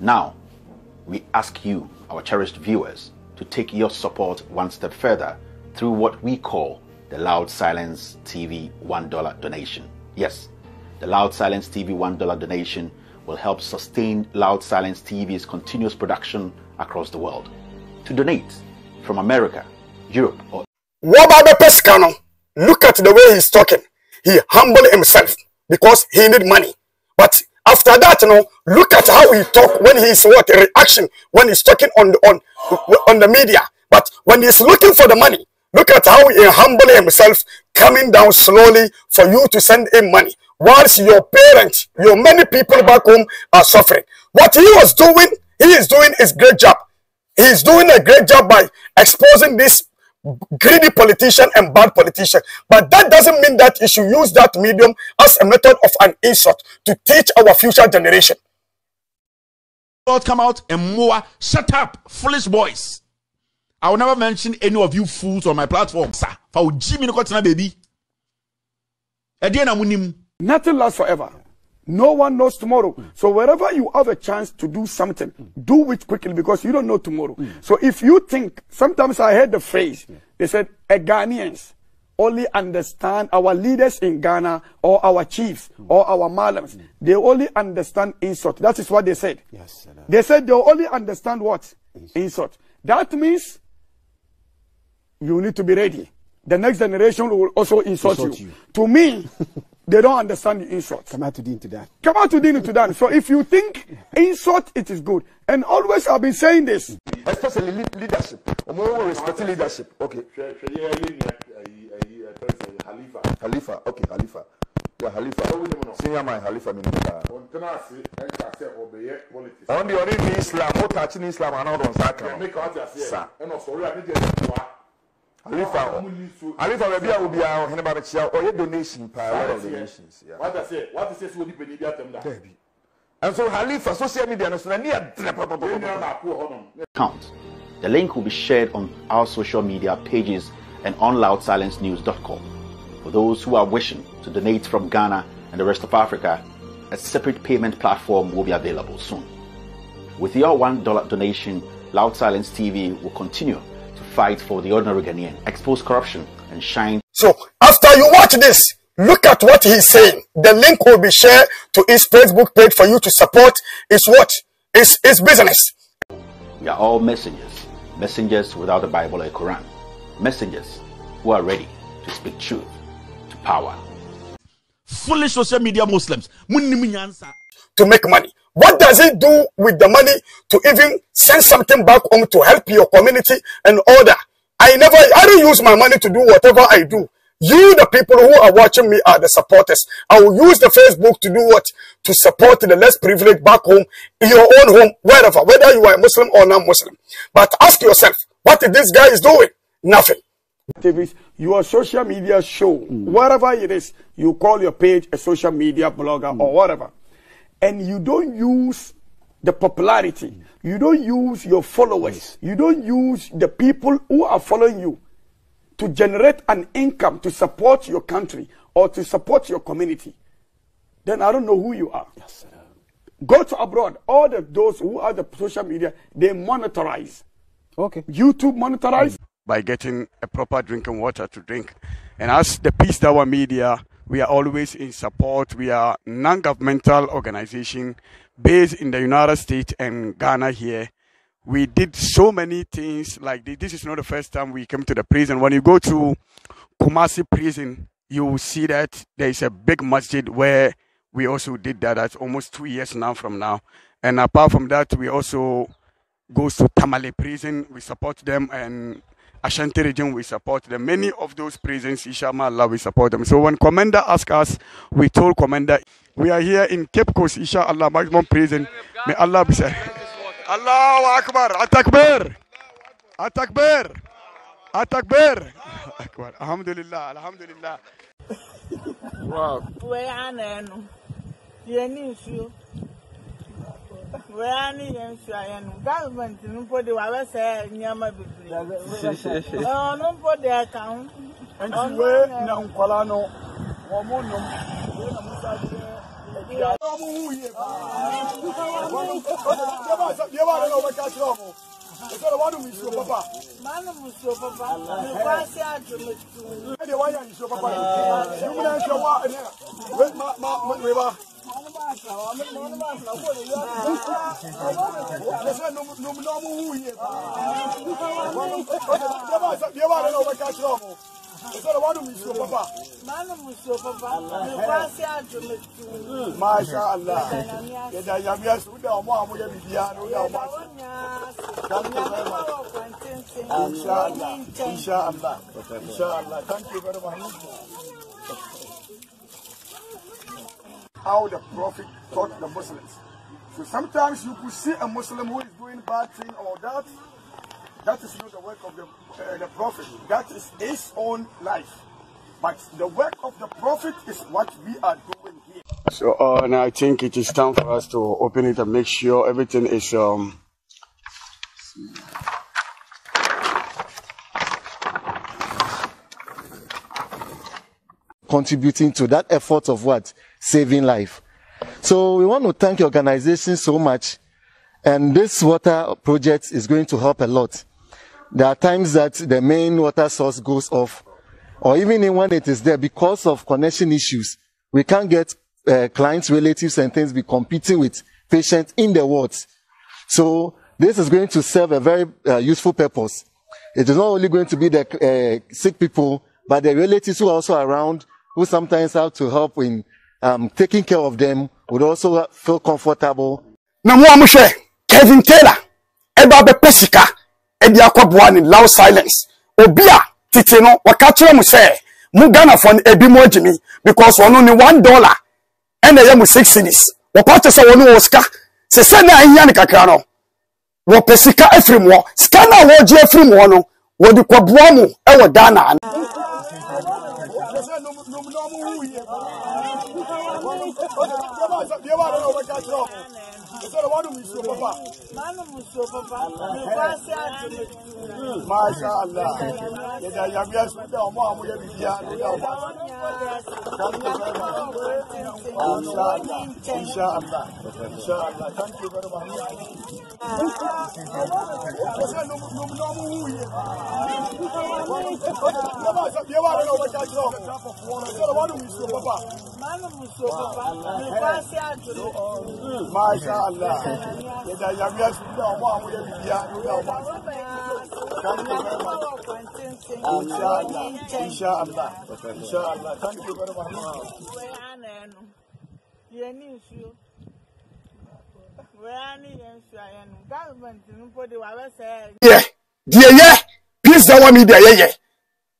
Now, we ask you, our cherished viewers, to take your support one step further through what we call the Loud Silence TV $1 donation. Yes, the Loud Silence TV $1 donation will help sustain Loud Silence TV's continuous production across the world. To donate from America, Europe, or what about the Pescano? Look at the way he's talking. He humbled himself because he needed money. But after that, you know, Look at how he talk when he's what reaction when he's talking on the, on on the media. But when he's looking for the money, look at how he humble himself, coming down slowly for you to send him money. Whilst your parents, your many people back home are suffering. What he was doing, he is doing his great job. He is doing a great job by exposing this greedy politician and bad politician. But that doesn't mean that you should use that medium as a method of an insult to teach our future generation. Lord come out and more. Shut up, foolish boys. I will never mention any of you fools on my platform, sir. For Jimmy Nkotina, baby. Nothing lasts forever. No one knows tomorrow. Mm. So wherever you have a chance to do something, mm. do it quickly because you don't know tomorrow. Mm. So if you think, sometimes I heard the phrase, yeah. they said, a Ghanaians only understand our leaders in Ghana or our chiefs mm. or our malams. Mm. They only understand insult. That is what they said. Yes, they said they only understand what? Insult. insult. That means you need to be ready. The next generation will also insult, insult you. you. To me, they don't understand the insult. Come out to deal to that. Come out to deal to that. So if you think insult, it is good. And always I've been saying this. Especially leadership. Respect leadership. Okay. Halifa. Halifa, okay, Halifa. Yeah, Halifa. Senior man, Halifa minister. On the only Islam, what touching Islam I know. do not on Saka. Sir. Halifa, Halifa, maybe I will be our Henneba Chia or your donation power of donations. What I say, what is this? Would you be the And so Halifa, social media, and so near count. The link will be shared on our social media pages and on loudsilencenews.com. For those who are wishing to donate from Ghana and the rest of Africa, a separate payment platform will be available soon. With your $1 donation, Loud Silence TV will continue to fight for the ordinary Ghanaian, expose corruption, and shine. So, after you watch this, look at what he's saying. The link will be shared to his Facebook page for you to support. It's what? His business. We are all messengers, messengers without a Bible or a Quran, messengers who are ready to speak truth power. Foolish social media Muslims. To make money. What does it do with the money to even send something back home to help your community and order? I never, I don't use my money to do whatever I do. You, the people who are watching me, are the supporters. I will use the Facebook to do what? To support the less privileged back home, in your own home, wherever, whether you are Muslim or non-Muslim. But ask yourself, what this guy is doing? Nothing activists, your social media show, mm. whatever it is, you call your page a social media blogger mm. or whatever. And you don't use the popularity. Mm. You don't use your followers. Yes. You don't use the people who are following you to generate an income to support your country or to support your community. Then I don't know who you are. Yes, Go to abroad. All the, those who are the social media, they monetize. Okay. YouTube monetize by getting a proper drinking water to drink. And as the Peace Tower Media, we are always in support. We are non-governmental organization based in the United States and Ghana here. We did so many things like this. This is not the first time we came to the prison. When you go to Kumasi prison, you will see that there is a big masjid where we also did that. That's almost two years now from now. And apart from that, we also go to Tamale prison. We support them and Ashanti region, we support them. Many of those prisons, Ishama Allah, we support them. So when Commander asked us, we told Commander, we are here in Cape Coast, Isha Allah, maximum prison. May Allah be said. Allahu Akbar, Atakbir, Atakbir, Atakbir. Akbar. Alhamdulillah, Alhamdulillah. Wow. wea ne yɛn nsuayɛ no government no mpo de wabɛsɛ nneɛma bebree ɔno mpo de ɛka ho nti wei na nkwala no wɔmo nom wei na mosa deɛ ɔmo wu yie deɛ ba de na wɔbɛka kyerɛ ɔmo ɛsɛ na wɔanom papa manom nsuo papa mekwase adwometu ɛdeɛ 我们忙的嘛，老过年了，那是农农农牧物业吧？别把别把那老板干去了不？وصار وانو مسيو بابا ما له مسيو بابا نفاسي عجل ما شاء الله يدا يام ياس ودا مو امو يا بيبيان ودا مو Thank you very much. Inshallah. Inshallah. Inshallah. Thank you very much. how the Prophet taught the Muslims. So sometimes you could see a Muslim who is doing bad thing or that. That is not the work of the, uh, the Prophet. That is his own life. But the work of the Prophet is what we are doing here. So, uh, and I think it is time for us to open it and make sure everything is. Um, contributing to that effort of what saving life. So we want to thank your organization so much. And this water project is going to help a lot. There are times that the main water source goes off, or even when it is there because of connection issues, we can't get uh, clients, relatives, and things be competing with patients in the wards. So this is going to serve a very uh, useful purpose. It is not only going to be the uh, sick people, but the relatives who are also around, who sometimes have to help in um, taking care of them would also feel comfortable. Na mụ amụhwe Kevin Taylor ebe abepɛ pesika ebi akɔboa ne loud silence obi a tete no wɔka kyerɛ mu ebi mu agye mi because wɔn ne one dollar ɛna ɛyɛ mu six cities wɔpa te sɛ wɔn wɔ sika sɛsɛ na ahia ya kakra no wɔpɛ sika efiri mu hɔ sika na wɔregye efiri mu hɔ no wɔde kɔboa Diye var ona bak açro. Sonra var mı istiyor baba? Var mı istiyor baba? Maşallah. Ya da yam yas da ama ama ya bir ya da ama. İnşallah. İnşallah. İnşallah. Thank you very much. Sen nomu nomu nomu. Masha Allah. peace dá wá mi díẹ̀ yẹ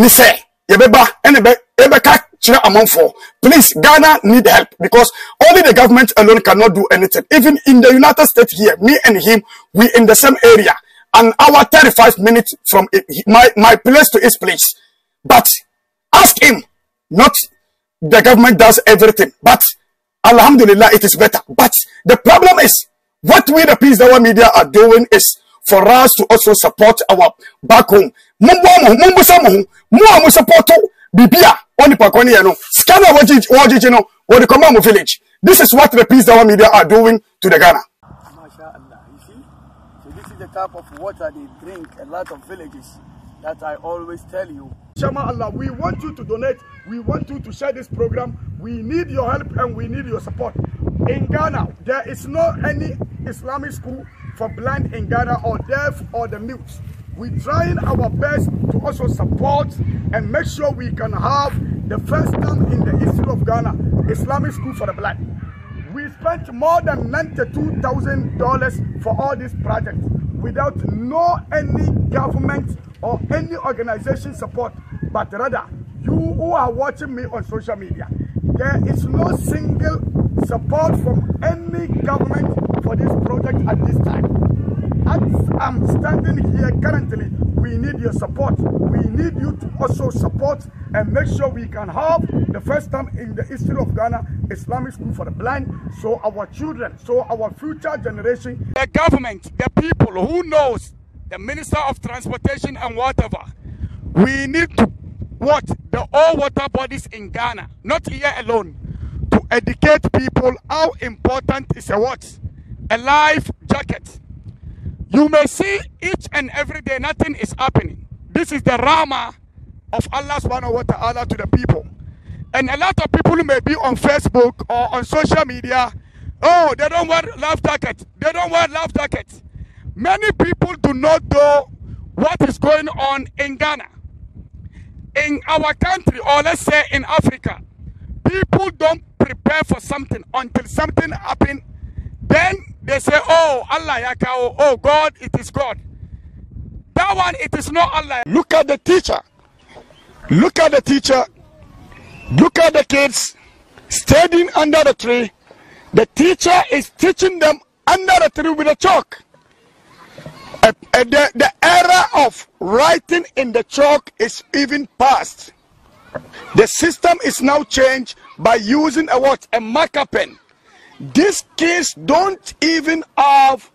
ne sɛ yɛbɛba ɛne bɛ yɛbɛka kyerɛ please ghana need help because only the government alone cannot do anything even in the united states here me and him we in the same area an hour 35 minutes from my, my place to his place but ask him not the government does everything but alhamdulillah it is better but the problem is what we the peace our media are doing is for us to also support our back home mumbo mumbo, mumbuamu mumbusamu muamu supporto bibia Oni pakoni yano scan our wajiji no what the command village this is what the peace our media are doing to the ghana Masha Allah. You see? So this is the type of water they drink a lot of villages that I always tell you. Shama Allah, we want you to donate. We want you to share this program. We need your help and we need your support. In Ghana, there is not any Islamic school for blind in Ghana or deaf or the mute. We're trying our best to also support and make sure we can have the first time in the history of Ghana, Islamic school for the blind. We spent more than $92,000 for all these projects without no any government or any organization support, but rather you who are watching me on social media. There is no single support from any government for this project at this time. As I'm standing here currently, we need your support. We need you to also support and make sure we can have the first time in the history of Ghana Islamic school for the blind so our children, so our future generation. The government, the people who knows the Minister of Transportation and whatever, we need to what the all water bodies in Ghana, not here alone, to educate people how important is a what? A life jacket. You may see each and every day nothing is happening. This is the Rama of Allah subhanahu wa ta'ala to the people. And a lot of people may be on Facebook or on social media. Oh, they don't wear life jacket. They don't wear life jacket. Many people do not know what is going on in Ghana. In our country, or let's say in Africa, people don't prepare for something until something happens. Then they say, Oh, Allah, yakao. Oh, oh God, it is God. That one, it is not Allah. Look at the teacher. Look at the teacher. Look at the kids standing under the tree. The teacher is teaching them under the tree with a chalk. Eh, the, the, era of writing in the chalk is even past. The system is now changed by using a what? A marker pen. These kids don't even have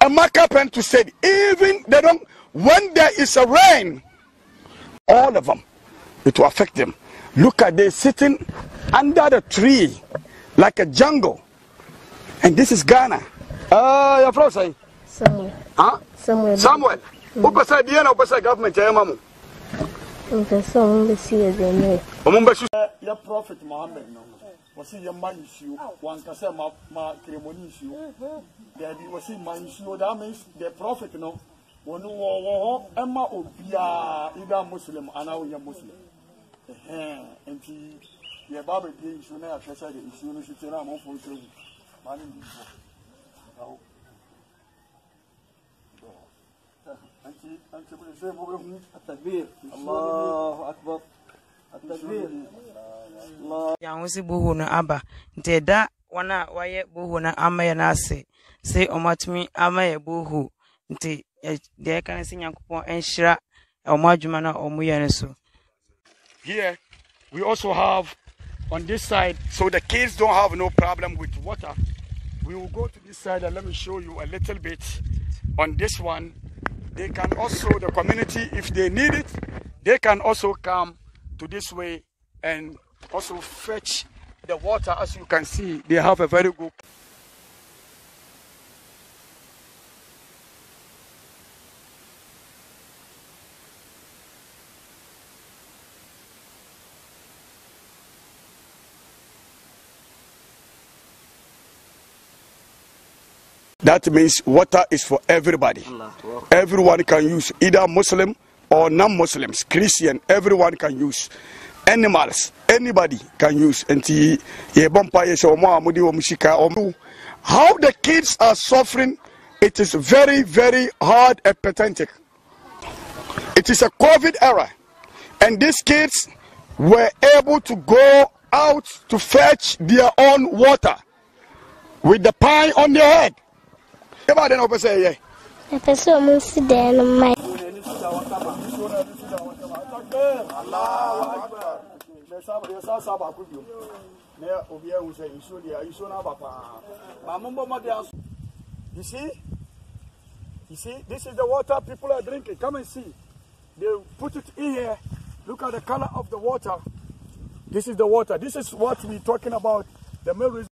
a marker pen to study. Even they don't, when there is a rain, all of them, it will affect them. Look at they sitting under the tree like a jungle. And this is Ghana. Uh, your floor, say? ha samuel wopɛ sɛ deɛ na wopɛ sɛ government ɛɛma mo mpɛ sɛ ɔmo bɛsi yɛ deɛ ne ɔmo bɛsu yɛ prophet mohammed no wɔsi yɛ ma nsuo wankasa ma ma kremoni nsuo mm-hmm. dɛbi wɔsi ma nsuo that means the prophet no wɔn wɔ wɔ hɔ ɛma obiara either muslim anaa wɔyɛ muslim ɛhɛn nti yɛ ba bɛ bie nsuo na yɛ ahwɛ sɛ de nsuo no so tɛ na amanfoɔ nsuo mu maa ne mu ne so here we also have on this side so the kids don't have no problem with water we will go to this side and let me show you a little bit on this one they can also, the community, if they need it, they can also come to this way and also fetch the water. As you can see, they have a very good. That means water is for everybody. Everyone can use, either Muslim or non-Muslims, Christian, everyone can use. Animals, anybody can use. How the kids are suffering, it is very, very hard and pathetic. It is a COVID era. And these kids were able to go out to fetch their own water with the pie on their head yɛba adɛn na wopɛ sɛ ɛyɛ ɛpɛ sɛ ɔmo nsi dɛn no ma yɛsa na obiaa hu sɛ nsuo deɛ no aba paa you see you see this is the water people are drinking come and see they put it in here look at the color of the water this is the water this is what we're talking about the main reason